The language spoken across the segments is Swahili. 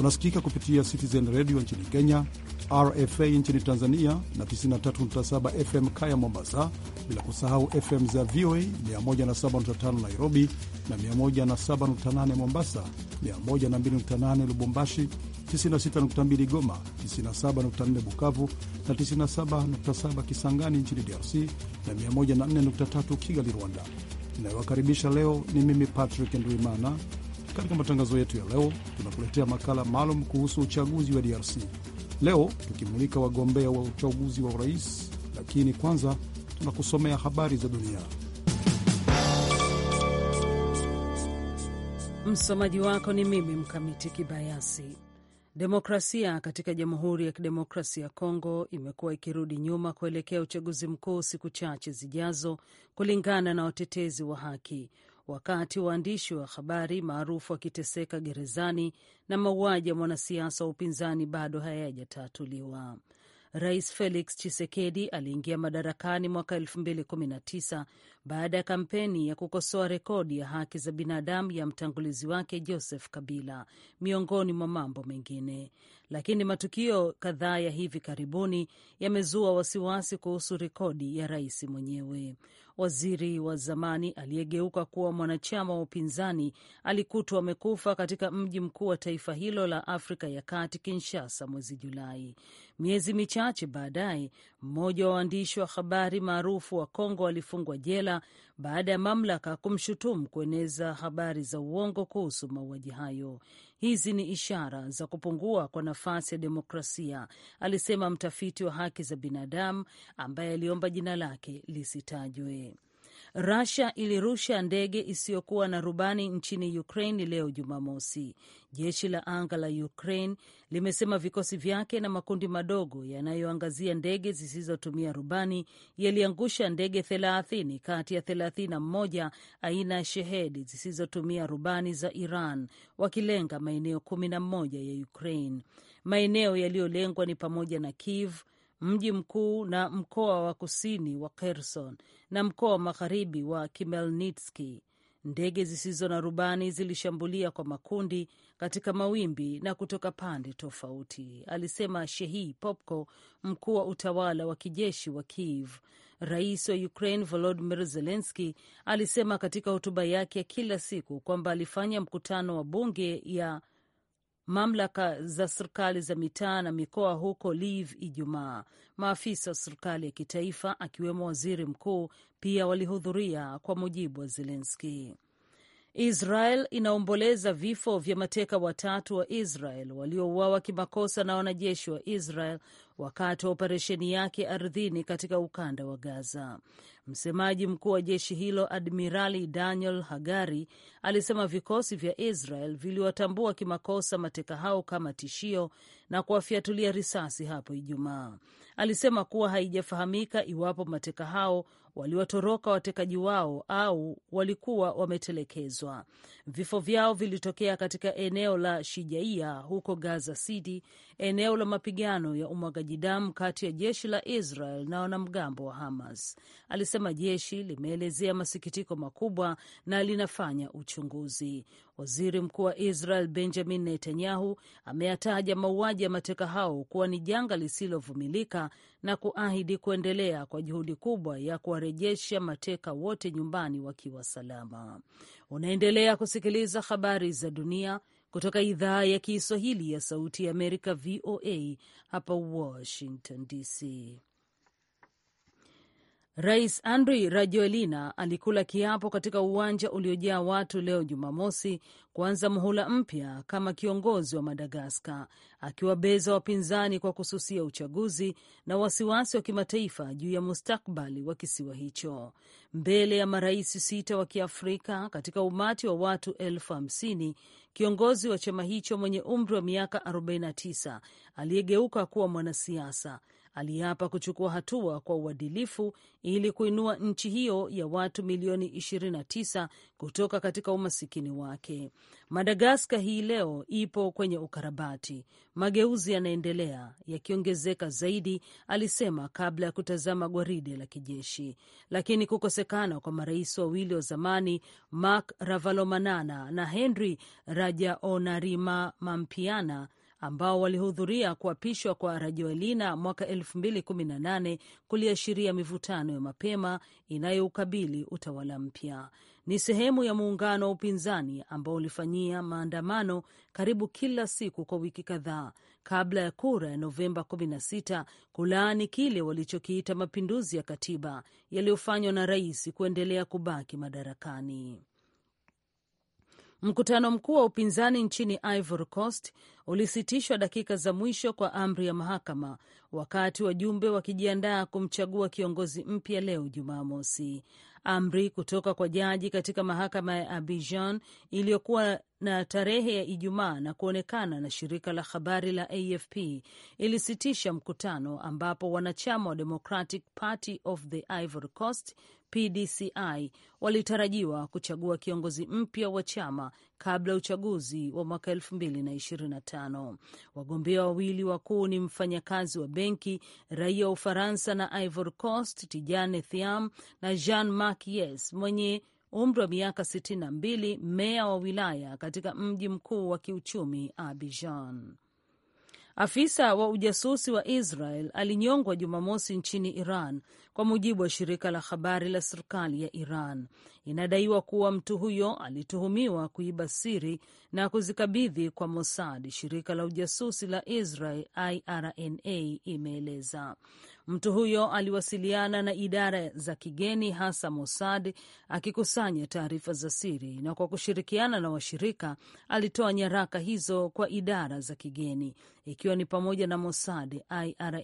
Tunasikika kupitia Citizen Radio nchini Kenya, RFA nchini Tanzania na 93.7 FM Kaya Mombasa, bila kusahau FM za VOA 107.5 Nairobi na 107.8 Mombasa, 102.8 Lubumbashi, 96.2 Goma, 97.4 Bukavu na 97.7 Kisangani nchini DRC na 104.3 Kigali, Rwanda. Inayowakaribisha leo ni mimi Patrick Ndwimana. Katika matangazo yetu ya leo, tunakuletea makala maalum kuhusu uchaguzi wa DRC. Leo tukimulika wagombea wa uchaguzi wa urais, lakini kwanza tunakusomea habari za dunia. Msomaji wako ni mimi Mkamiti Kibayasi. Demokrasia katika Jamhuri ya Kidemokrasia ya Kongo imekuwa ikirudi nyuma kuelekea uchaguzi mkuu siku chache zijazo, kulingana na watetezi wa haki wakati waandishi wa habari maarufu akiteseka gerezani na mauaji ya mwanasiasa wa upinzani bado hayajatatuliwa. Rais Felix chisekedi aliingia madarakani mwaka tisa baada ya kampeni ya kukosoa rekodi ya haki za binadamu ya mtangulizi wake Joseph Kabila, miongoni mwa mambo mengine. Lakini matukio kadhaa ya hivi karibuni yamezua wasiwasi kuhusu rekodi ya rais mwenyewe. Waziri wa zamani aliyegeuka kuwa mwanachama wa upinzani alikutwa amekufa katika mji mkuu wa taifa hilo la Afrika ya Kati, Kinshasa, mwezi Julai. Miezi michache baadaye, mmoja wa waandishi wa habari maarufu wa Kongo alifungwa jela Angola baada ya mamlaka kumshutumu kueneza habari za uongo kuhusu mauaji hayo. Hizi ni ishara za kupungua kwa nafasi ya demokrasia, alisema mtafiti wa haki za binadamu ambaye aliomba jina lake lisitajwe rasia ilirusha ndege isiyokuwa na rubani nchini Ukraine leo Jumamosi. Jeshi la anga la Ukraine limesema vikosi vyake na makundi madogo yanayoangazia ndege zisizotumia rubani yaliangusha ndege 30 kati ya 31 aina ya Shehedi zisizotumia rubani za Iran, wakilenga maeneo 11 ya Ukraine. Maeneo yaliyolengwa ni pamoja na Kiev, mji mkuu na mkoa wa kusini wa Kherson na mkoa wa magharibi wa Kimelnitski. Ndege zisizo na rubani zilishambulia kwa makundi katika mawimbi na kutoka pande tofauti, alisema Shehi Popko, mkuu wa utawala wa kijeshi wa Kiev. Rais wa Ukraine volodimir zelenski alisema katika hotuba yake ya kila siku kwamba alifanya mkutano wa bunge ya mamlaka za serikali za mitaa na mikoa huko Lviv Ijumaa. Maafisa wa serikali ya kitaifa akiwemo waziri mkuu pia walihudhuria, kwa mujibu wa Zelenski. Israel inaomboleza vifo vya mateka watatu wa Israel waliouawa kimakosa na wanajeshi wa Israel wakati wa operesheni yake ardhini katika ukanda wa Gaza. Msemaji mkuu wa jeshi hilo Admirali Daniel Hagari alisema vikosi vya Israel viliwatambua kimakosa mateka hao kama tishio na kuwafyatulia risasi hapo Ijumaa. Alisema kuwa haijafahamika iwapo mateka hao waliwatoroka watekaji wao au walikuwa wametelekezwa. Vifo vyao vilitokea katika eneo la Shijaia huko Gaza City, eneo la mapigano ya umwagaji damu kati ya jeshi la Israel na wanamgambo wa Hamas, alisema. Jeshi limeelezea masikitiko makubwa na linafanya uchunguzi. Waziri Mkuu wa Israel Benjamin Netanyahu ameyataja mauaji ya mateka hao kuwa ni janga lisilovumilika na kuahidi kuendelea kwa juhudi kubwa ya kuwarejesha mateka wote nyumbani wakiwa salama. Unaendelea kusikiliza habari za dunia kutoka idhaa ya Kiswahili ya Sauti ya Amerika, VOA hapa Washington DC. Rais Andry Rajoelina alikula kiapo katika uwanja uliojaa watu leo Jumamosi kuanza muhula mpya kama kiongozi wa Madagaskar, akiwabeza wapinzani kwa kususia uchaguzi na wasiwasi wa kimataifa juu ya mustakbali wa kisiwa hicho, mbele ya marais sita wa Kiafrika katika umati wa watu elfu hamsini. Kiongozi wa chama hicho mwenye umri wa miaka 49 aliyegeuka kuwa mwanasiasa aliapa kuchukua hatua kwa uadilifu ili kuinua nchi hiyo ya watu milioni 29 kutoka katika umasikini wake. Madagaskar hii leo ipo kwenye ukarabati, mageuzi yanaendelea yakiongezeka zaidi, alisema kabla ya kutazama gwaride la kijeshi. Lakini kukosekana kwa marais wawili wa zamani Marc Ravalomanana na Henry Rajaonarimampiana ambao walihudhuria kuapishwa kwa Rajoelina mwaka 2018 kuliashiria mivutano ya mapema inayoukabili utawala mpya. Ni sehemu ya muungano wa upinzani ambao ulifanyia maandamano karibu kila siku kwa wiki kadhaa kabla ya kura ya Novemba 16 kulaani kile walichokiita mapinduzi ya katiba yaliyofanywa na rais kuendelea kubaki madarakani. Mkutano mkuu wa upinzani nchini Ivory Coast ulisitishwa dakika za mwisho kwa amri ya mahakama, wakati wajumbe wakijiandaa kumchagua kiongozi mpya leo Jumamosi. Amri kutoka kwa jaji katika mahakama ya Abidjan iliyokuwa na tarehe ya Ijumaa na kuonekana na shirika la habari la AFP ilisitisha mkutano ambapo wanachama wa Democratic Party of the Ivory Coast PDCI walitarajiwa kuchagua kiongozi mpya wa chama kabla uchaguzi wa mwaka 2025. Wagombea wawili wakuu ni mfanyakazi wa benki, raia wa Ufaransa na Ivory Coast Tijane Thiam na Jean Marc Yes mwenye umri wa miaka 62, meya wa wilaya katika mji mkuu wa kiuchumi Abidjan. Afisa wa ujasusi wa Israel alinyongwa Jumamosi nchini Iran, kwa mujibu wa shirika la habari la serikali ya Iran. Inadaiwa kuwa mtu huyo alituhumiwa kuiba siri na kuzikabidhi kwa Mossad, shirika la ujasusi la Israel, IRNA imeeleza. Mtu huyo aliwasiliana na idara za kigeni hasa Mossad akikusanya taarifa za siri, na kwa kushirikiana na washirika alitoa nyaraka hizo kwa idara za kigeni, ikiwa ni pamoja na Mossad, IRNA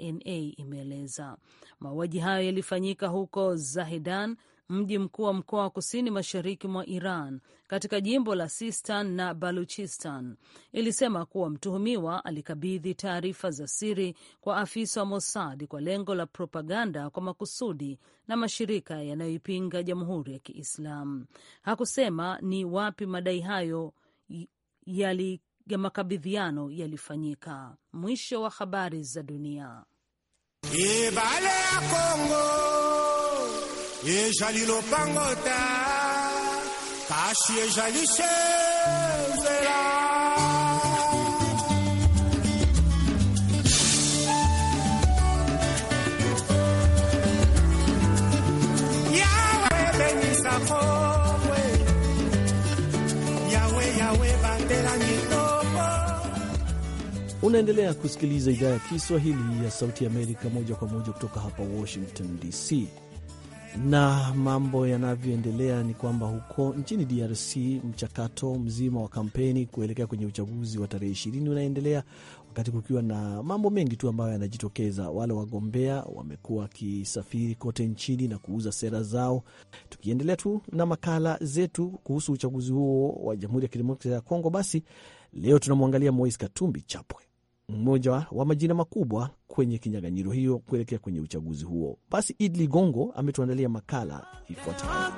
imeeleza. Mauaji hayo yalifanyika huko Zahedan, mji mkuu wa mkoa wa kusini mashariki mwa Iran katika jimbo la Sistan na Baluchistan, ilisema kuwa mtuhumiwa alikabidhi taarifa za siri kwa afisa wa Mossad kwa lengo la propaganda kwa makusudi na mashirika yanayoipinga jamhuri ya kiislam Hakusema ni wapi madai hayo yali ya makabidhiano yalifanyika. Mwisho wa habari za dunia. Ibale ya Kongo ezali lopango te kasi ezali Unaendelea kusikiliza idhaa ya Kiswahili ya Sauti ya Amerika moja kwa moja kutoka hapa Washington DC na mambo yanavyoendelea ni kwamba huko nchini DRC mchakato mzima wa kampeni kuelekea kwenye uchaguzi wa tarehe ishirini unaendelea wakati kukiwa na mambo mengi tu ambayo yanajitokeza. Wale wagombea wamekuwa wakisafiri kote nchini na kuuza sera zao. Tukiendelea tu na makala zetu kuhusu uchaguzi huo wa Jamhuri ya Kidemokrasia ya Kongo, basi leo tunamwangalia mois Katumbi Chapwe mmoja wa majina makubwa kwenye kinyang'anyiro hiyo kuelekea kwenye uchaguzi huo. Basi Id Ligongo ametuandalia makala ifuatayo.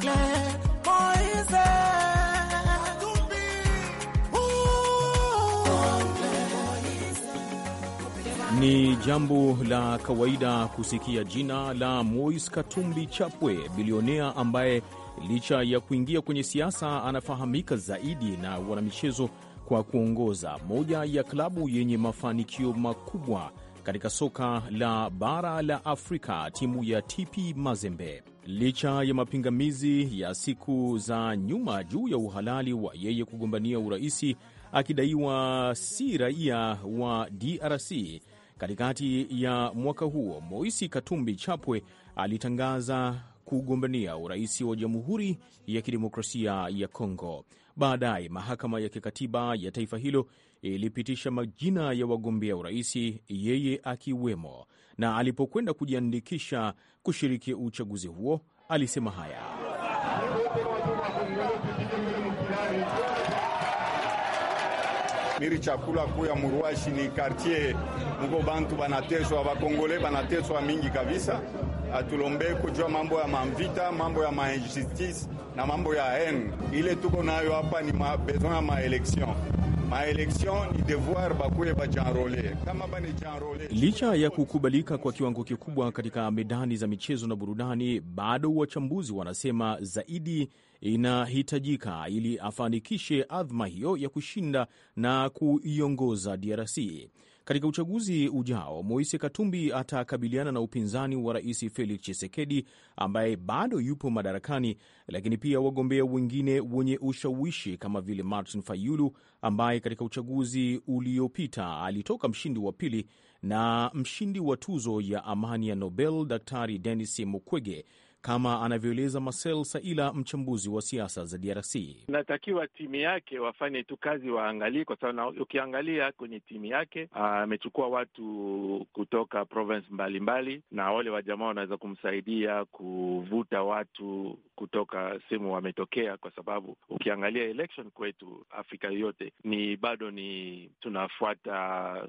Ni jambo la kawaida kusikia jina la Moise Katumbi Chapwe, bilionea ambaye licha ya kuingia kwenye siasa anafahamika zaidi na wanamichezo kwa kuongoza moja ya klabu yenye mafanikio makubwa katika soka la bara la Afrika, timu ya TP Mazembe. Licha ya mapingamizi ya siku za nyuma juu ya uhalali wa yeye kugombania uraisi akidaiwa si raia wa DRC, katikati ya mwaka huo Moisi Katumbi Chapwe alitangaza kugombania urais wa Jamhuri ya Kidemokrasia ya Kongo. Baadaye mahakama ya kikatiba ya taifa hilo ilipitisha majina ya wagombea uraisi, yeye akiwemo, na alipokwenda kujiandikisha kushiriki uchaguzi huo alisema haya: miri chakula kuya muruashi ni kartier muko bantu banateswa, bakongole banateswa mingi kabisa atulombee kujua mambo ya mamvita mambo ya mainjustice na mambo ya hen. Ile tuko nayo hapa ni besoin ya maeleksion maeleksion ni devoir bakuye bajanrole kama Licha ya kukubalika kwa kiwango kikubwa katika medani za michezo na burudani, bado wachambuzi wanasema zaidi inahitajika ili afanikishe adhma hiyo ya kushinda na kuiongoza DRC. Katika uchaguzi ujao, Moise Katumbi atakabiliana na upinzani wa Rais Felix Tshisekedi ambaye bado yupo madarakani, lakini pia wagombea wengine wenye ushawishi kama vile Martin Fayulu ambaye katika uchaguzi uliopita alitoka mshindi wa pili na mshindi wa tuzo ya amani ya Nobel Daktari Denis Mukwege kama anavyoeleza Marcel Saila, mchambuzi wa siasa za DRC. Natakiwa timu yake wafanye tu kazi, waangalie, kwa sababu ukiangalia kwenye timu yake ah, amechukua watu kutoka province mbalimbali, na wale wajamaa wanaweza kumsaidia kuvuta watu kutoka sehemu wametokea, kwa sababu ukiangalia election kwetu Afrika yote ni bado ni tunafuata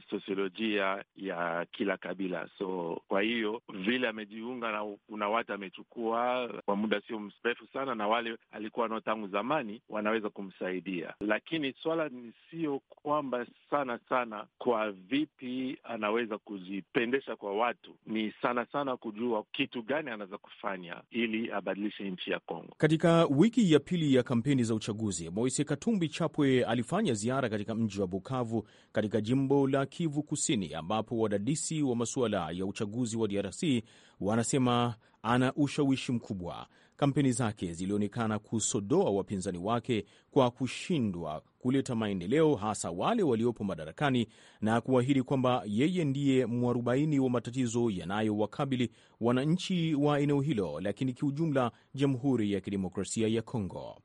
sosiolojia ya kila kabila, so kwa hiyo vile amejiunga na kuna watu amechukua kuwa kwa muda sio mrefu sana, na wale alikuwa nao tangu zamani wanaweza kumsaidia, lakini swala ni sio kwamba sana sana kwa vipi anaweza kujipendesha kwa watu, ni sana sana kujua kitu gani anaweza kufanya ili abadilishe nchi ya Kongo. Katika wiki ya pili ya kampeni za uchaguzi, Moise Katumbi Chapwe alifanya ziara katika mji wa Bukavu katika jimbo la Kivu Kusini, ambapo wadadisi wa masuala ya uchaguzi wa DRC wanasema ana ushawishi mkubwa. Kampeni zake zilionekana kusodoa wapinzani wake kwa kushindwa kuleta maendeleo, hasa wale waliopo madarakani, na kuahidi kwamba yeye ndiye mwarubaini wa matatizo yanayowakabili wananchi wa eneo hilo, lakini kiujumla, Jamhuri ya Kidemokrasia ya Kongo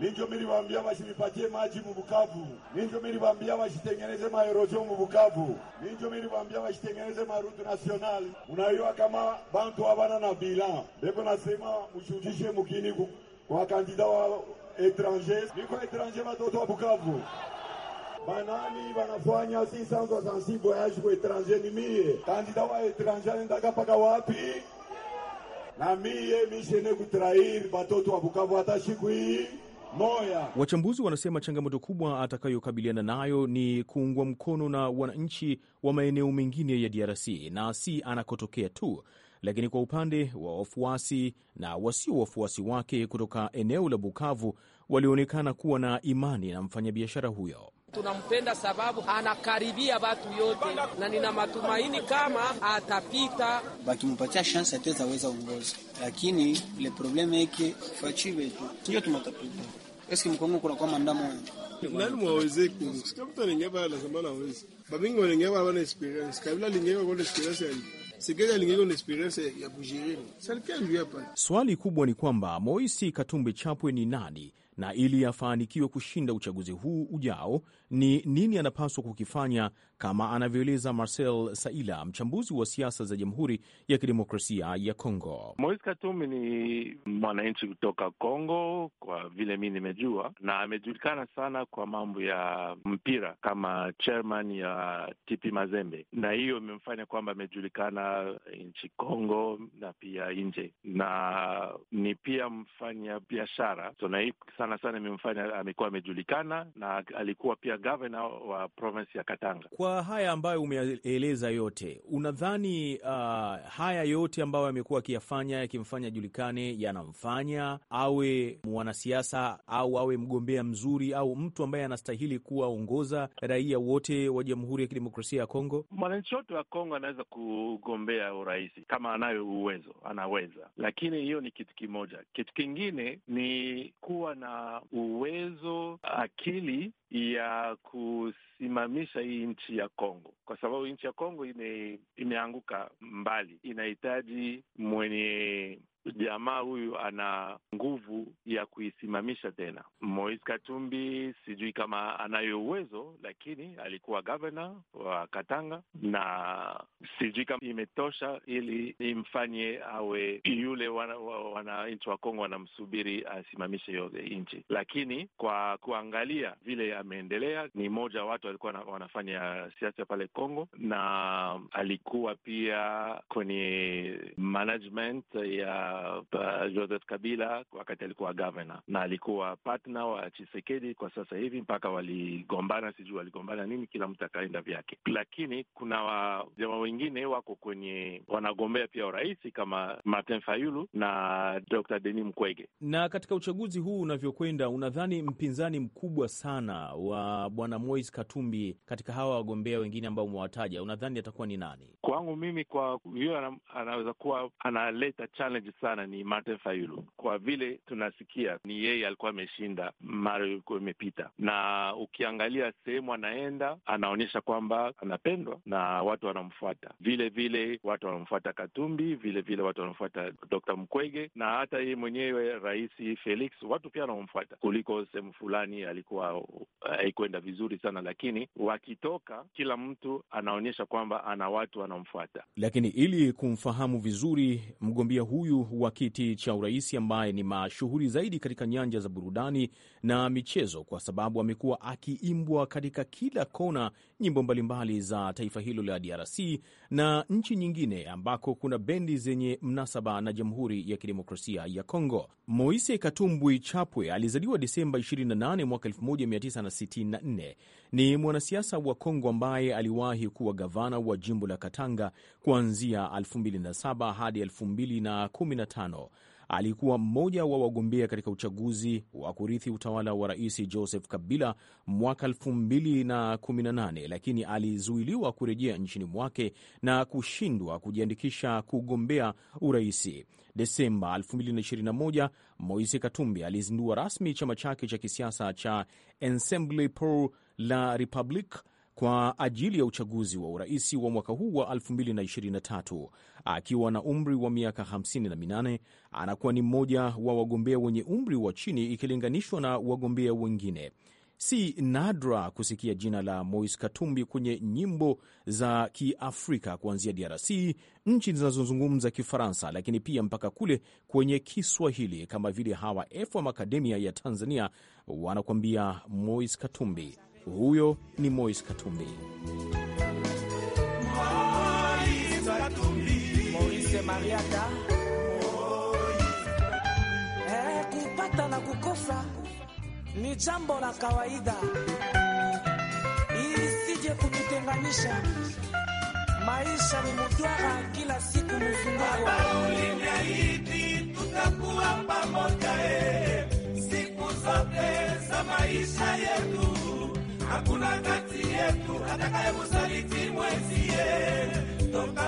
Ninjo miliwambia bashivipatie maji mubukavu. Ninjo miliwambia bashitengeneze maerojo mubukavu. Ninjo miliwambia bashitengeneze marutu nasionali. Unaiwa kama bantu wabana na bila beko, nasema mushujishe mukini kwa kandida wa etranje, niko etranje batoto wa Bukavu banani banafanya 666 voyage ku etranje, Ni mie kandida wa etranger anendaka paka wapi? Na mie mishene kutrair batoto wa Bukavu hata siku hii Moya. Wachambuzi wanasema changamoto kubwa atakayokabiliana nayo ni kuungwa mkono na wananchi wa maeneo mengine ya DRC na si anakotokea tu, lakini kwa upande wa wafuasi na wasio wafuasi wake kutoka eneo la Bukavu walioonekana kuwa na imani na mfanyabiashara huyo. Tunampenda sababu anakaribia watu yote, na nina matumaini kama atapita, bakimpatia shansi ataweza ongoza, lakini le probleme yake fachive tu ndio tumatapita. Eski mkongo kuna kwa mandamo nani mwaweze kusikia mtu na hawezi babingi experience kwa experience ya Swali kubwa ni kwamba Moisi Katumbi Chapwe ni nani na ili afanikiwe kushinda uchaguzi huu ujao, ni nini anapaswa kukifanya kama anavyoeleza Marcel Saila, mchambuzi wa siasa za Jamhuri ya Kidemokrasia ya Kongo. Moise Katumbi ni mwananchi kutoka Kongo, kwa vile mi nimejua, na amejulikana sana kwa mambo ya mpira kama chairman ya TP Mazembe, na hiyo imemfanya kwamba amejulikana nchi Kongo na pia nje, na ni pia mfanya biashara so, na hii sana sana imemfanya amekuwa amejulikana, na alikuwa pia gavana wa province ya Katanga kwa kwa haya ambayo umeeleza yote, unadhani uh, haya yote ambayo amekuwa akiyafanya yakimfanya julikane yanamfanya awe mwanasiasa au awe mgombea mzuri au mtu ambaye anastahili kuwaongoza raia wote wa Jamhuri ya Kidemokrasia ya Kongo? Mwananchi wote wa Kongo anaweza kugombea urais kama anayo uwezo, anaweza. Lakini hiyo ni kitu kimoja. Kitu kingine ni kuwa na uwezo, akili ya kus kusimamisha hii nchi ya Kongo, kwa sababu nchi ya Kongo ime, imeanguka mbali, inahitaji mwenye jamaa huyu ana nguvu ya kuisimamisha tena. mois Katumbi sijui kama anayo uwezo, lakini alikuwa gavana wa Katanga na sijui kama imetosha ili imfanye awe yule wananchi wa Kongo wanamsubiri asimamishe hiyo nchi. Lakini kwa kuangalia vile ameendelea, ni mmoja wa watu walikuwa wanafanya siasa pale Kongo, na alikuwa pia kwenye management ya Uh, uh, Joseph Kabila wakati alikuwa governor na alikuwa partner wa Chisekedi kwa sasa hivi, mpaka waligombana, sijui waligombana nini, kila mtu akaenda vyake. Lakini kuna wajama wengine wako kwenye wanagombea pia urais kama Martin Fayulu na Dr. Denis mkwege Na katika uchaguzi huu unavyokwenda, unadhani mpinzani mkubwa sana wa bwana Moise Katumbi katika hawa wagombea wengine ambao umewataja, unadhani atakuwa ni nani? Kwangu mimi, kwa yule anaweza kuwa analeta challenge sana ni Martin Fayulu kwa vile tunasikia ni yeye alikuwa ameshinda mara ilikuwa imepita, na ukiangalia sehemu anaenda anaonyesha kwamba anapendwa na watu wanamfuata, vile vile watu wanamfuata Katumbi, vile vile watu wanamfuata Dr. Mkwege na hata yeye mwenyewe Rais Felix, watu pia wanamfuata kuliko sehemu fulani alikuwa haikuenda vizuri sana, lakini wakitoka kila mtu anaonyesha kwamba ana watu wanamfuata. Lakini ili kumfahamu vizuri mgombea huyu wa kiti cha urais ambaye ni mashuhuri zaidi katika nyanja za burudani na michezo, kwa sababu amekuwa akiimbwa katika kila kona nyimbo mbalimbali za taifa hilo la DRC na nchi nyingine ambako kuna bendi zenye mnasaba na Jamhuri ya Kidemokrasia ya Kongo. Moise Katumbwi Chapwe alizaliwa Desemba 28 mwaka 1964. Ni mwanasiasa wa Kongo ambaye aliwahi kuwa gavana wa jimbo la Katanga kuanzia 2007 hadi 2010 2015 alikuwa mmoja wa wagombea katika uchaguzi wa kurithi utawala wa Rais Joseph Kabila mwaka 2018, lakini alizuiliwa kurejea nchini mwake na kushindwa kujiandikisha kugombea uraisi. Desemba 2021, Moise Katumbi alizindua rasmi chama chake cha kisiasa cha Ensemble pour la Republique kwa ajili ya uchaguzi wa urais wa mwaka huu wa 2023. Akiwa na umri wa miaka 58, anakuwa ni mmoja wa wagombea wenye umri wa chini ikilinganishwa na wagombea wengine. Si nadra kusikia jina la mois Katumbi kwenye nyimbo za Kiafrika kuanzia DRC, nchi zinazozungumza Kifaransa, lakini pia mpaka kule kwenye Kiswahili, kama vile hawa F Makademia ya Tanzania wanakuambia mois Katumbi. Huyo ni mois Katumbi. Kupata na kukosa ni jambo la kawaida, ili kututenganisha. Maisha ni mutwara, kila siku muzunguko. Tutakuwa pamoja eh. siku zote za maisha yetu hakuna kati yetu mwenzie toka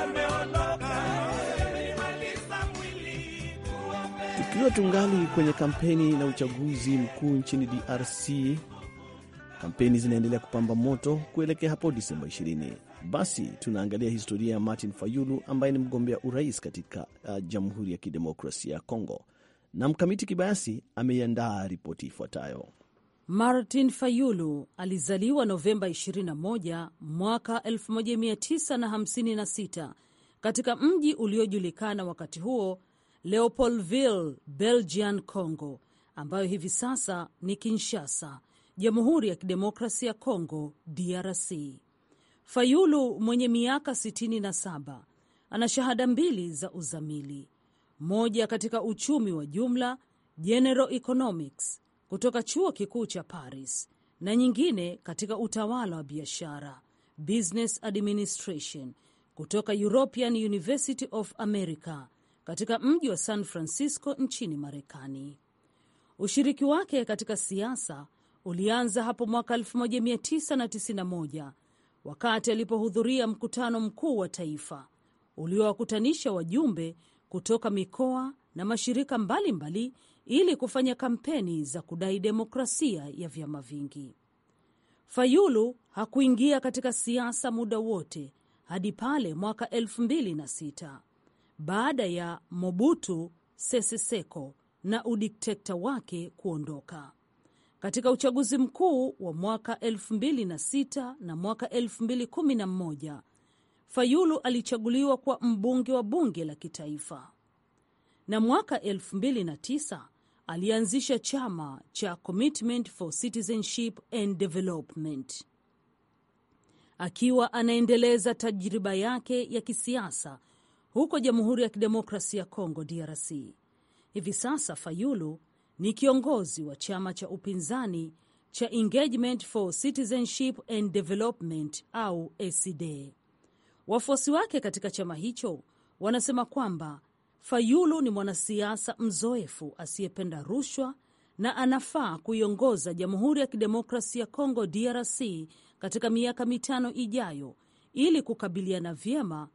Tukiwa tungali kwenye kampeni na uchaguzi mkuu nchini DRC, kampeni zinaendelea kupamba moto kuelekea hapo Disemba 20. Basi tunaangalia historia ya Martin Fayulu ambaye ni mgombea urais katika uh, Jamhuri ya Kidemokrasia ya Kongo, na Mkamiti Kibayasi ameiandaa ripoti ifuatayo. Martin Fayulu alizaliwa Novemba 21 mwaka 1956 katika mji uliojulikana wakati huo Leopoldville, Belgian Congo, ambayo hivi sasa ni Kinshasa, Jamhuri ya Kidemokrasi ya Congo, DRC. Fayulu mwenye miaka 67 ana shahada mbili za uzamili, moja katika uchumi wa jumla general economics kutoka chuo kikuu cha Paris na nyingine katika utawala wa biashara business administration kutoka European University of America katika mji wa San Francisco nchini Marekani. Ushiriki wake katika siasa ulianza hapo mwaka 1991 wakati alipohudhuria mkutano mkuu wa taifa uliowakutanisha wajumbe kutoka mikoa na mashirika mbalimbali mbali ili kufanya kampeni za kudai demokrasia ya vyama vingi. Fayulu hakuingia katika siasa muda wote hadi pale mwaka 2006 baada ya Mobutu Sese Seko na udiktekta wake kuondoka. Katika uchaguzi mkuu wa mwaka 2006 na mwaka 2011, Fayulu alichaguliwa kwa mbunge wa bunge la kitaifa, na mwaka 2009 alianzisha chama cha Commitment for Citizenship and Development akiwa anaendeleza tajriba yake ya kisiasa huko Jamhuri ya Kidemokrasi ya Kongo DRC. Hivi sasa Fayulu ni kiongozi wa chama cha upinzani cha Engagement for Citizenship and Development au ACD. Wafuasi wake katika chama hicho wanasema kwamba Fayulu ni mwanasiasa mzoefu asiyependa rushwa na anafaa kuiongoza Jamhuri ya Kidemokrasia ya Kongo DRC katika miaka mitano ijayo ili kukabiliana vyema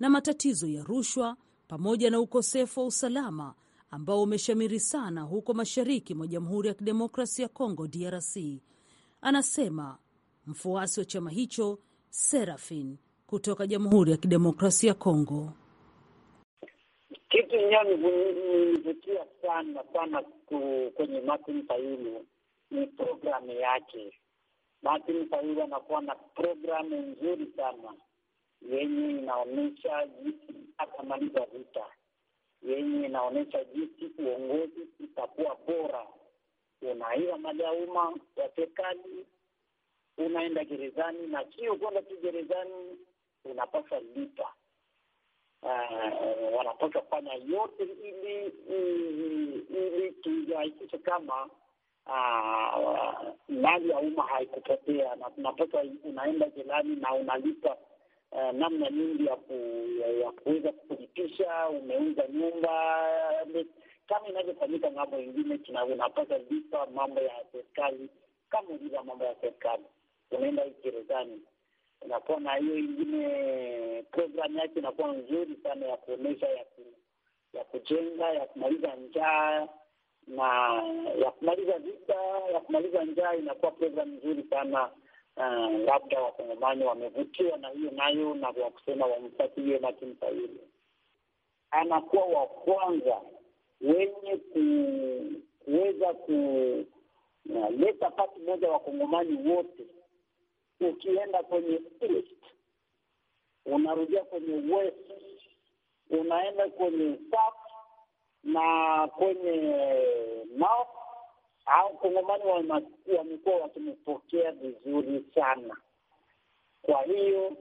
na matatizo ya rushwa pamoja na ukosefu wa usalama ambao umeshamiri sana huko mashariki mwa Jamhuri ya Kidemokrasia ya Kongo DRC, anasema mfuasi wa chama hicho Serafin kutoka Jamhuri ya Kidemokrasia ya Kongo. Kitu inayonivutia sana sana kwenye Martin Fayulu ni programu yake. Martin Fayulu anakuwa na programu nzuri sana yenye inaonyesha jinsi atamaliza vita, yenye inaonyesha jinsi uongozi itakuwa bora. Unaiwa mali ya umma ya serikali, unaenda gerezani na sio kwenda tu gerezani unapasa lipa Uh, wanatoka kufanya yote ili ili, tuhakikishe kama uh, mali ya umma haikupotea, na tunatoka unaenda jelani na unalipa uh, namna nyingi ya, kuweza kulipisha, umeuza nyumba kama inavyofanyika ng'ambo ingine, unapata lipa mambo ya serikali kama uliza mambo ya serikali, unaenda gerezani inakuwa na hiyo ingine programu yake inakuwa nzuri sana ya kuonyesha ya, ku, ya kujenga ya kumaliza njaa na ya kumaliza vita ya kumaliza njaa inakuwa programu nzuri sana. Uh, labda wakongomani wamevutiwa na hiyo nayo na kwa kusema wamfatilie Martin Fayulu, anakuwa wa kwanza wenye kuweza kuleta pati moja wakongomani wote ukienda kwenye east unarudia kwenye west, unaenda kwenye south na kwenye north. Au Kongomani wamekuwa wakimepokea vizuri sana. Kwa hiyo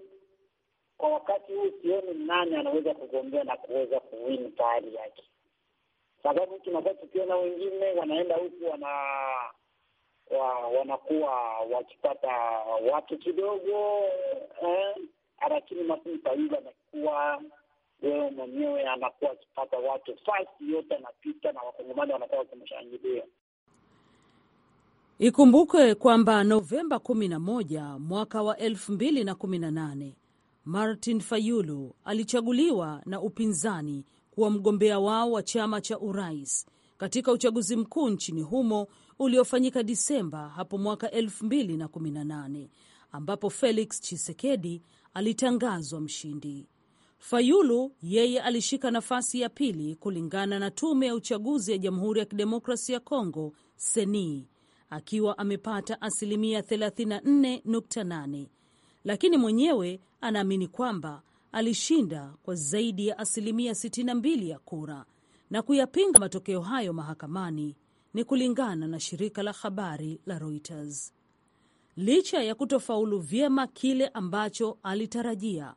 kwa wakati huu sioni nani anaweza kugombea na kuweza kuwini tayari yake, sababu tunakuwa tukiona wengine wanaenda huku wana wa, wanakuwa wakipata watu kidogo eh, lakini masahizi anakuwa wewe mwenyewe anakuwa akipata watu fasi yote anapita na wakongomani wanakuwa wakimshangilia. Ikumbukwe kwamba Novemba 11 mwaka wa 2018 Martin Fayulu alichaguliwa na upinzani kuwa mgombea wao wa chama cha urais katika uchaguzi mkuu nchini humo uliofanyika Disemba hapo mwaka 2018 ambapo Felix chisekedi alitangazwa mshindi. Fayulu yeye alishika nafasi ya pili kulingana na tume ya uchaguzi ya Jamhuri ya Kidemokrasia ya Kongo seni akiwa amepata asilimia 34.8, lakini mwenyewe anaamini kwamba alishinda kwa zaidi ya asilimia 62 ya kura na kuyapinga matokeo hayo mahakamani, ni kulingana na shirika la habari la Reuters. Licha ya kutofaulu vyema kile ambacho alitarajia,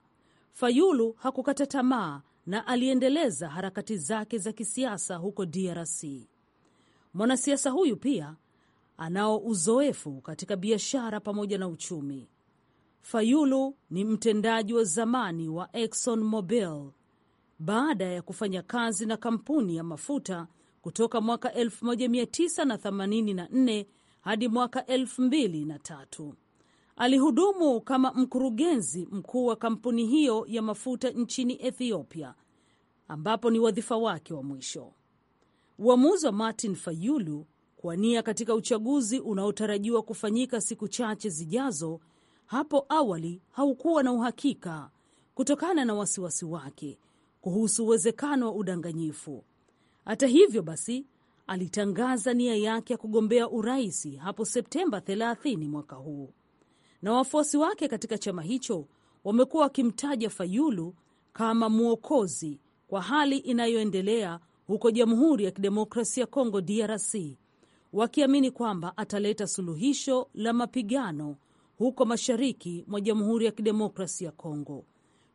Fayulu hakukata tamaa na aliendeleza harakati zake za kisiasa huko DRC. Mwanasiasa huyu pia anao uzoefu katika biashara pamoja na uchumi. Fayulu ni mtendaji wa zamani wa Exxon Mobil baada ya kufanya kazi na kampuni ya mafuta kutoka mwaka 1984 hadi mwaka 2003. Alihudumu kama mkurugenzi mkuu wa kampuni hiyo ya mafuta nchini Ethiopia, ambapo ni wadhifa wake wa mwisho. Uamuzi wa Martin Fayulu kuwania katika uchaguzi unaotarajiwa kufanyika siku chache zijazo, hapo awali haukuwa na uhakika kutokana na wasiwasi wake kuhusu uwezekano wa udanganyifu. Hata hivyo basi, alitangaza nia yake ya kugombea urais hapo Septemba 30 mwaka huu, na wafuasi wake katika chama hicho wamekuwa wakimtaja Fayulu kama mwokozi kwa hali inayoendelea huko Jamhuri ya Kidemokrasia ya Kongo DRC, wakiamini kwamba ataleta suluhisho la mapigano huko mashariki mwa Jamhuri ya Kidemokrasia ya Kongo,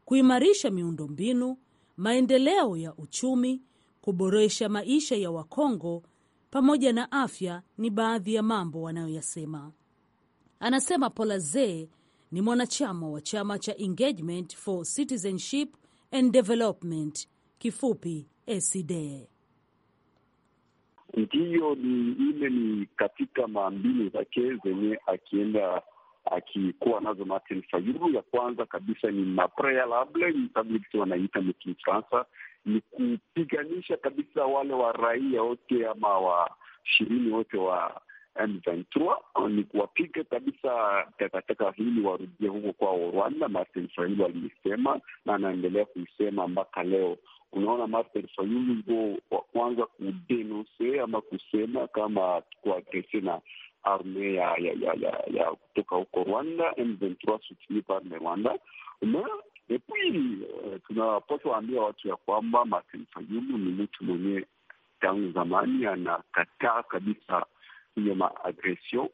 kuimarisha miundombinu maendeleo ya uchumi, kuboresha maisha ya Wakongo pamoja na afya ni baadhi ya mambo wanayoyasema. Anasema Polaze ni mwanachama wa chama cha Engagement for Citizenship and Development, kifupi ACD. Ndiyo, ni ile ni katika maambili zake zenye akienda akikuwa nazo Martin Fayulu. Ya kwanza kabisa ni maprealable mtabiti wanaita mkimfransa, ni kupiganisha kabisa wale wa raia wote ama washirini wote wa M23 ni kuwapiga kabisa takataka hili warudie huko kwa Rwanda. Martin Fayulu aliisema na anaendelea kuisema mpaka leo. Unaona, Martin Fayulu ndio wa kwanza kudenonse ama kusema kama kuagresi na arme ya ya ya ya ya kutoka huko Rwanda, M23 parme Rwanda na epui, uh, tunapaswa waambia watu ya kwamba Martin Fayulu ni mtu mwenyewe tangu zamani anakataa kabisa kwenye maagression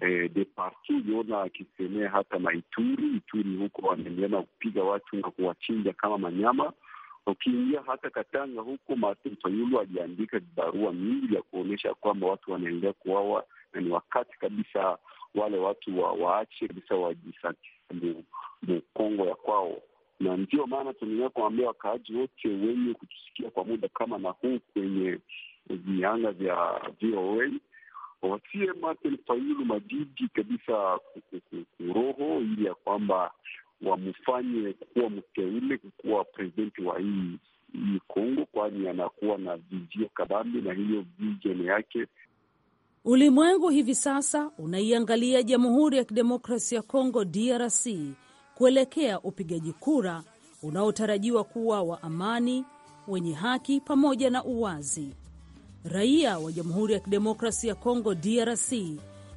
eh, de parti. Uliona akisemea hata maituri Ituri huko wanaendelea kupiga watu na kuwachinja kama manyama. Ukiingia hata Katanga huko, Martin Fayulu aliandika barua mingi ya kuonyesha kwamba watu wanaendelea kuwawa na ni wakati kabisa wale watu wa, waache kabisa wajisakia mukongo ya kwao, na ndio maana tunaendelea kuambia wakaaji wote wenye kutusikia kwa muda kama na huu kwenye vianga vya VOA watie Martin Fayulu majiji kabisa kuroho, ili ya kwamba wamfanye kuwa mteule kukuwa presidenti wa hii hii Kongo, kwani anakuwa na vizio kabambi, na hiyo vijene yake Ulimwengu hivi sasa unaiangalia Jamhuri ya Kidemokrasia ya Kongo DRC kuelekea upigaji kura unaotarajiwa kuwa wa amani, wenye haki pamoja na uwazi. Raia wa Jamhuri ya Kidemokrasia ya Kongo DRC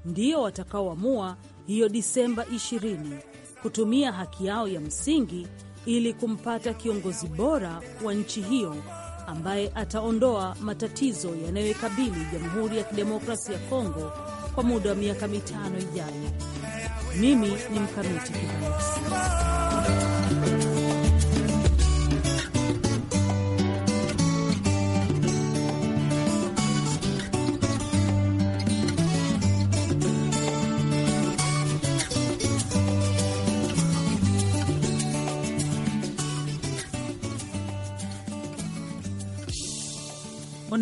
ndiyo watakaoamua hiyo Disemba 20 kutumia haki yao ya msingi ili kumpata kiongozi bora wa nchi hiyo ambaye ataondoa matatizo yanayoikabili Jamhuri ya Kidemokrasia ya Kongo kwa muda wa miaka mitano ijayo. Mimi ni Mkamiti Kibayasi.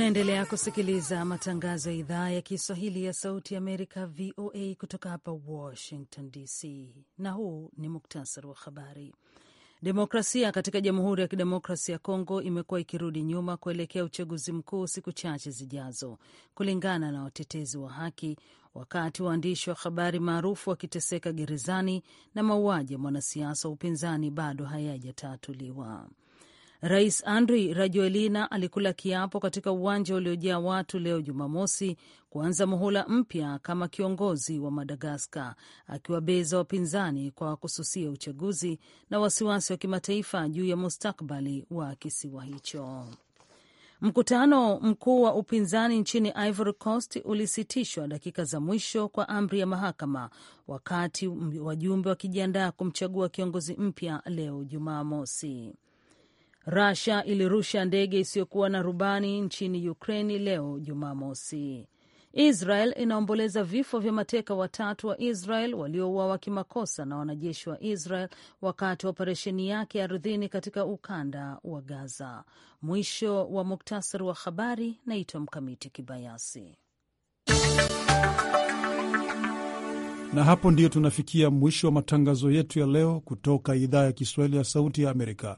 Unaendelea kusikiliza matangazo ya idhaa ya Kiswahili ya Sauti ya Amerika, VOA, kutoka hapa Washington DC, na huu ni muktasari wa habari. Demokrasia katika Jamhuri ya Kidemokrasia ya Kongo imekuwa ikirudi nyuma kuelekea uchaguzi mkuu siku chache zijazo, kulingana na watetezi wa haki, wakati waandishi wa habari maarufu wakiteseka gerezani na mauaji ya mwanasiasa wa upinzani bado hayajatatuliwa. Rais Andry Rajoelina alikula kiapo katika uwanja uliojaa watu leo Jumamosi kuanza muhula mpya kama kiongozi wa Madagaskar, akiwabeza wapinzani kwa kususia uchaguzi na wasiwasi wa kimataifa juu ya mustakbali wa kisiwa hicho. Mkutano mkuu wa upinzani nchini Ivory Coast ulisitishwa dakika za mwisho kwa amri ya mahakama, wakati wajumbe wakijiandaa kumchagua kiongozi mpya leo Jumamosi. Russia ilirusha ndege isiyokuwa na rubani nchini Ukraini leo Jumamosi. Israel inaomboleza vifo vya mateka watatu wa Israel waliouawa kimakosa na wanajeshi wa Israel wakati wa operesheni yake ardhini katika ukanda wa Gaza. Mwisho wa muktasari wa habari. Naitwa Mkamiti Kibayasi, na hapo ndiyo tunafikia mwisho wa matangazo yetu ya leo kutoka idhaa ya Kiswahili ya Sauti ya Amerika.